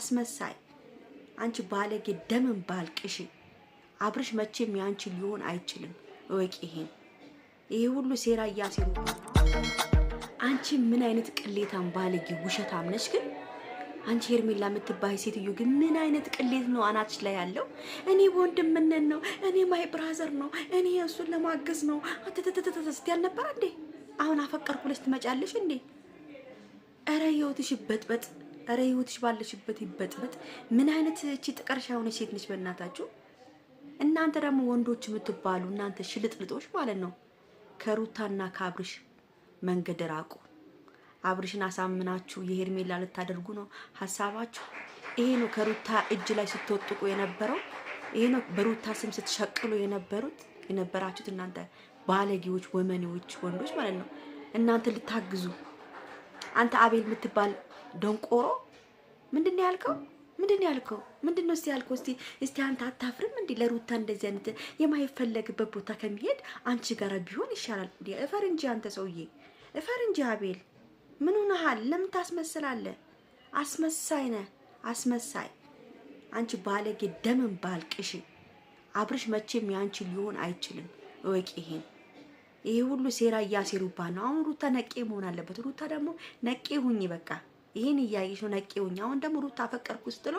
አስመሳይ፣ አንቺ ባለጌ፣ ደምን ባልቅሽ። አብርሽ መቼም ያንቺ ሊሆን አይችልም። እወቂ ይሄን። ይሄ ሁሉ ሴራ እያሴሩ አንቺ ምን አይነት ቅሌታም ባለጌ ውሸታም ነሽ ግን አንቺ ሄርሜላ የምትባይ ሴትዮ ግን ምን አይነት ቅሌት ነው አናትሽ ላይ ያለው? እኔ ወንድምነት ነው፣ እኔ ማይ ብራዘር ነው፣ እኔ እሱን ለማገዝ ነው አትተተተተስት ያልነበረ እንዴ? አሁን አፈቀርኩ ብለሽ ትመጫለሽ እንዴ? እረ ህይወትሽ በጥበጥ ኧረ ህይወትሽ ባለሽበት ይበጥበጥ። ምን አይነት እቺ ጥቀርሻ የሆነች ሴት ነች? በእናታችሁ እናንተ ደግሞ ወንዶች የምትባሉ እናንተ ሽልጥልጦች ማለት ነው። ከሩታና ከአብርሽ መንገድ ራቁ። አብርሽን አሳምናችሁ የሄርሜላ ልታደርጉ ነው ሀሳባችሁ። ይሄ ነው ከሩታ እጅ ላይ ስትወጥቁ የነበረው። ይሄ ነው በሩታ ስም ስትሸቅሉ የነበሩት የነበራችሁት እናንተ ባለጌዎች፣ ወመኔዎች፣ ወንዶች ማለት ነው። እናንተ ልታግዙ አንተ አቤል የምትባል ደንቆሮ ምንድን ነው ያልከው? ምንድን ነው ያልከው? ምንድን ነው እስቲ ያልከው? እስቲ እስቲ አንተ አታፍርም? እንዴ? ለሩታ እንደዚህ አይነት የማይፈለግበት ቦታ ከሚሄድ አንቺ ጋር ቢሆን ይሻላል። እፈር እንጂ አንተ ሰውዬ እፈር እንጂ አቤል። ምን ሆነሃል? ለምን ታስመስላለህ? አስመሳይ ነህ አስመሳይ። አንቺ ባለጌ ደምን ባልቅሽ። አብርሽ መቼም ያንቺ ሊሆን አይችልም። እወቂ ይሄን። ይሄ ሁሉ ሴራ እያሴሩባት ነው። አሁን ሩታ ነቄ መሆን አለበት። ሩታ ደግሞ ነቄ ሁኝ በቃ። ይሄን እያየሽ ነው ነቄውኝ። አሁን ደግሞ ሩት አፈቀርኩ ስትሎ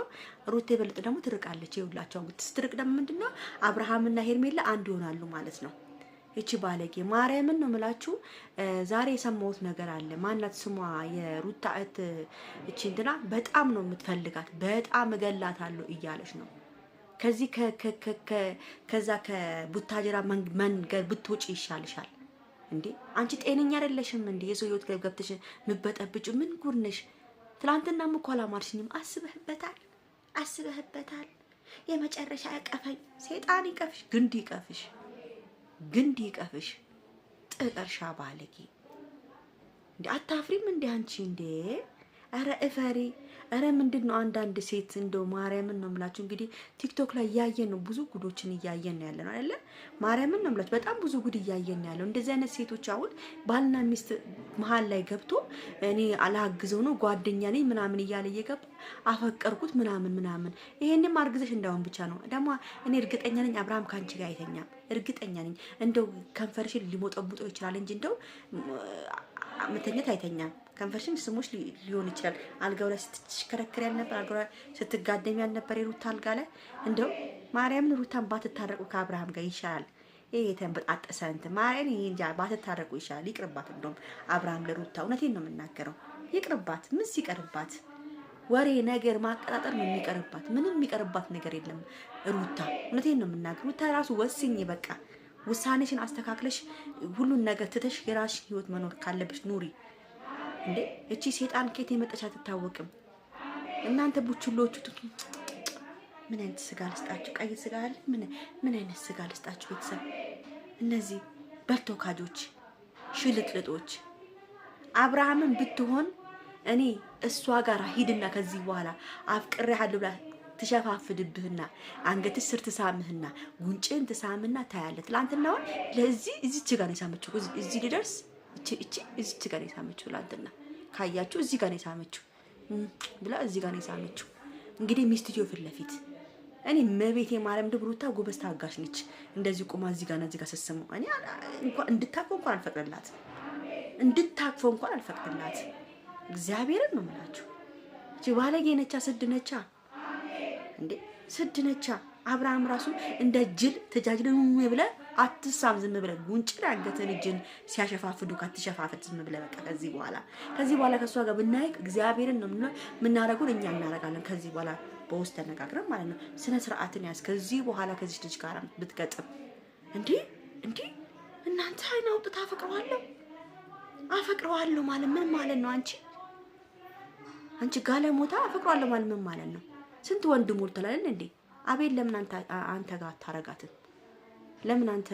ሩት የበለጠ ደግሞ ትርቃለች። ይውላቸው ስትርቅ ደግሞ ምንድነው አብርሃምና ሄርሜላ አንድ ይሆናሉ ማለት ነው። እቺ ባለጌ ማርያምን ነው የምላችሁ። ዛሬ የሰማሁት ነገር አለ። ማናት ስሟ የሩታ እህት እቺ እንትና በጣም ነው የምትፈልጋት፣ በጣም እገላታለሁ እያለች ነው። ከዚህ ከዛ ከቡታጀራ መንገድ ብትወጪ ይሻልሻል። እንዴ አንቺ ጤነኛ አይደለሽም እንዴ? የሰው ህይወት ገብተሽ ምበጠብጭ ምን ጉርነሽ ነሽ? ትላንትናም እኮ አላማርሽኝም። አስበህበታል አስበህበታል። የመጨረሻ ያቀፈኝ ሴጣን ይቀፍሽ፣ ግንድ ይቀፍሽ፣ ግንድ ይቀፍሽ። ጥቅርሻ ባለጌ እንዲ አታፍሪም እንዴ አንቺ እንዴ! ኧረ እፈሪ ኧረ ምንድን ነው አንዳንድ ሴት እንደው ማርያምን ነው ምላችሁ እንግዲህ ቲክቶክ ላይ እያየን ነው ብዙ ጉዶችን እያየን ነው ያለ ነው አይደለ? ማርያምን ነው ምላችሁ። በጣም ብዙ ጉድ እያየን ያለው እንደዚህ አይነት ሴቶች አሁን ባልና ሚስት መሀል ላይ ገብቶ እኔ አላግዘው ነው ጓደኛ ነኝ ምናምን እያለ እየገባ አፈቀርኩት ምናምን ምናምን። ይሄንም አርግዘሽ እንዳሁን ብቻ ነው ደግሞ እኔ እርግጠኛ ነኝ አብርሃም ከአንቺ ጋር አይተኛም። እርግጠኛ ነኝ እንደው ከንፈርሽን ሊሞጠቡጠው ይችላል እንጂ እንደው መተኛት አይተኛም። ከንፈርሽን ስሞች ሊሆን ይችላል። አልጋው ላይ ስትሽከረከር ያልነበር አልጋው ላይ ስትጋደም ያልነበር የሩታ አልጋ ላይ እንደው ማርያምን ሩታን ባትታረቁ ከአብርሃም ጋር ይሻላል። ይሄ የተንበጣጠሰ እንትን ማርያም ይሄ እንጃ ባትታረቁ ይሻላል። ይቅርባት። እንደውም አብርሃም ለሩታ እውነቴን ነው የምናገረው። ይቅርባት። ምን ሲቀርባት ወሬ ነገር ማቀጣጠር ነው የሚቀርባት። ምንም የሚቀርባት ነገር የለም ሩታ። እውነቴን ነው የምናገር ሩታ ራሱ ወስኝ በቃ ውሳኔሽን አስተካክለሽ ሁሉን ነገር ትተሽ የራስሽን ህይወት መኖር ካለብሽ ኑሪ። እንዴ እቺ ሴጣን ኬት የመጣች አትታወቅም። እናንተ ቡችሎቹ ምን አይነት ስጋ ልስጣችሁ? ቀይ ስጋ አለ። ምን አይነት ስጋ ልስጣችሁ? ቤተሰብ እነዚህ በልቶ ካጆች፣ ሽልጥልጦች። አብርሃምን ብትሆን እኔ እሷ ጋር ሂድና ከዚህ በኋላ አፍቅሬሃለሁ ብላ ትሸፋፍድብህና አንገትሽ ስር ትሳምህና ጉንጭን ትሳምና ታያለህ። ሆን ለዚህ እዚች ጋር ነው የሳመችው። እዚህ ሊደርስ እቺ እዚች ጋር ነው የሳመችው። ትላንትና ካያችሁ እዚህ ጋር ነው የሳመችው ብላ እዚህ ጋር ነው የሳመችው። እንግዲህ ሚስትዮ ፊት ለፊት እኔ መቤቴ ማርያም ድብሩታ ጎበዝ ታጋሽ ነች። እንደዚህ ቁማ እዚህ ጋር እዚህ ጋር ስትስመው እኔ እንኳን እንድታቅፈው እንኳን አልፈቅድላት፣ እንድታቅፈው እንኳን አልፈቅድላት። እግዚአብሔርን ነው የምላችሁ። ባለጌ ነቻ፣ ስድ ነቻ። እንዴ ስድ ነቻ። አብርሃም ራሱ እንደ ጅል ተጃጅለ ብለ አትሳም፣ ዝም ብለ ጉንጭ ያገተን እጅን ሲያሸፋፍዱ አትሸፋፍድ፣ ዝም ብለ በቃ። ከዚህ በኋላ ከዚህ በኋላ ከእሷ ጋር ብናይቅ እግዚአብሔርን ነው የምናደርገውን እኛ እናደርጋለን። ከዚህ በኋላ በውስጥ ተነጋግረን ማለት ነው። ስነ ስርዓትን ያዝ። ከዚህ በኋላ ከዚች ልጅ ጋር ብትገጥም እንዲ እንዲ እናንተ አይን አውጥት አፈቅረዋለሁ አፈቅረዋለሁ ማለት ምን ማለት ነው? አንቺ አንቺ ጋለሞታ አፈቅረዋለሁ ማለት ምን ማለት ነው? ስንት ወንድ ሞልቷል አይደል እንዴ? አቤል ለምን አንተ ጋር አታረጋትም? ለምን አንተ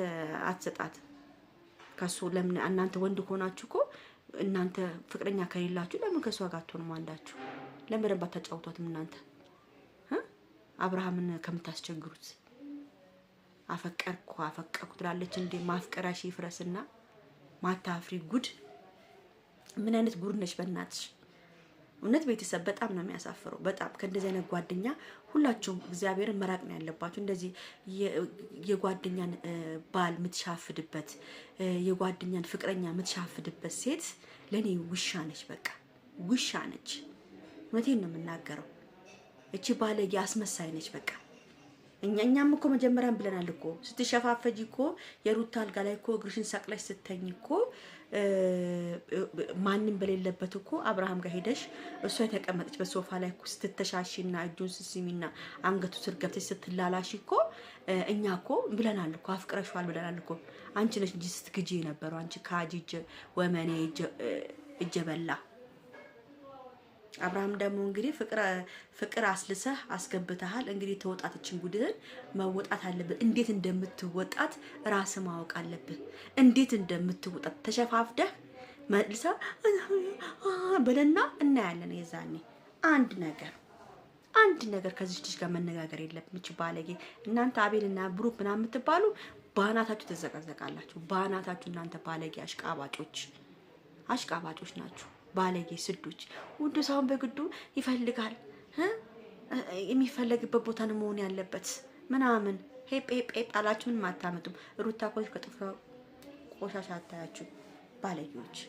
አትሰጣት? ከሱ ለምን እናንተ ወንድ ከሆናችሁ እኮ እናንተ ፍቅረኛ ከሌላችሁ ለምን ከሷ ጋር አትሆንም? አንዳችሁ ለምን በደንብ አታጫውቷትም? እናንተ አብርሃምን ከምታስቸግሩት አፈቀርኩ አፈቀርኩ ትላለች እንዴ? ማፍቀራሽ ይፍረስና ማታፍሪ ጉድ! ምን አይነት ጉድ ነች በእናትሽ! እውነት ቤተሰብ በጣም ነው የሚያሳፍረው። በጣም ከእንደዚህ አይነት ጓደኛ ሁላችሁም እግዚአብሔርን መራቅ ነው ያለባችሁ። እንደዚህ የጓደኛን ባል የምትሻፍድበት የጓደኛን ፍቅረኛ የምትሻፍድበት ሴት ለእኔ ውሻ ነች፣ በቃ ውሻ ነች። እውነቴን ነው የምናገረው። እቺ ባለጌ አስመሳይ ነች። በቃ እኛ እኛም እኮ መጀመሪያም ብለናል እኮ ስትሸፋፈጅ እኮ የሩታ አልጋ ላይ እኮ እግርሽን ሰቅለሽ ስተኝ እኮ ማንም በሌለበት እኮ አብርሃም ጋር ሄደሽ እሷ የተቀመጠች በሶፋ ላይ ስትተሻሺና እጁን ስስሚና አንገቱ ስር ገብተሽ ስትላላሽ እኮ እኛ እኮ ብለናል እኮ አፍቅረሽዋል ብለናል እኮ አንቺ ነሽ እንጂ ስትግጂ የነበረው አንቺ ካጅ እጀ ወመኔ እጀ በላ አብርሃም ደግሞ እንግዲህ ፍቅር አስልሰህ አስገብተሃል። እንግዲህ ተወጣትችን ጉድህን መወጣት አለብን እንዴት እንደምትወጣት ራስህ ማወቅ አለብህ። እንዴት እንደምትወጣት ተሸፋፍደህ መልሳ በለና እናያለን። የዛኔ አንድ ነገር አንድ ነገር ከዚህ ልጅ ጋር መነጋገር የለብም። እች ባለጌ እናንተ አቤልና ብሩክ ምናምን የምትባሉ ባናታችሁ ትዘቀዘቃላችሁ። ባናታችሁ እናንተ ባለጌ አሽቃባጮች አሽቃባጮች ናችሁ። ባለጌ ስዶች። ውዱ ሰውን በግዱ ይፈልጋል። የሚፈለግበት ቦታ ነው መሆን ያለበት ምናምን ሄጴጴ ሄፕ ሄፕ አላችሁን። አታመጡም። ሩታ ኮች ቆሻሻ አታያችሁ ባለጌዎች።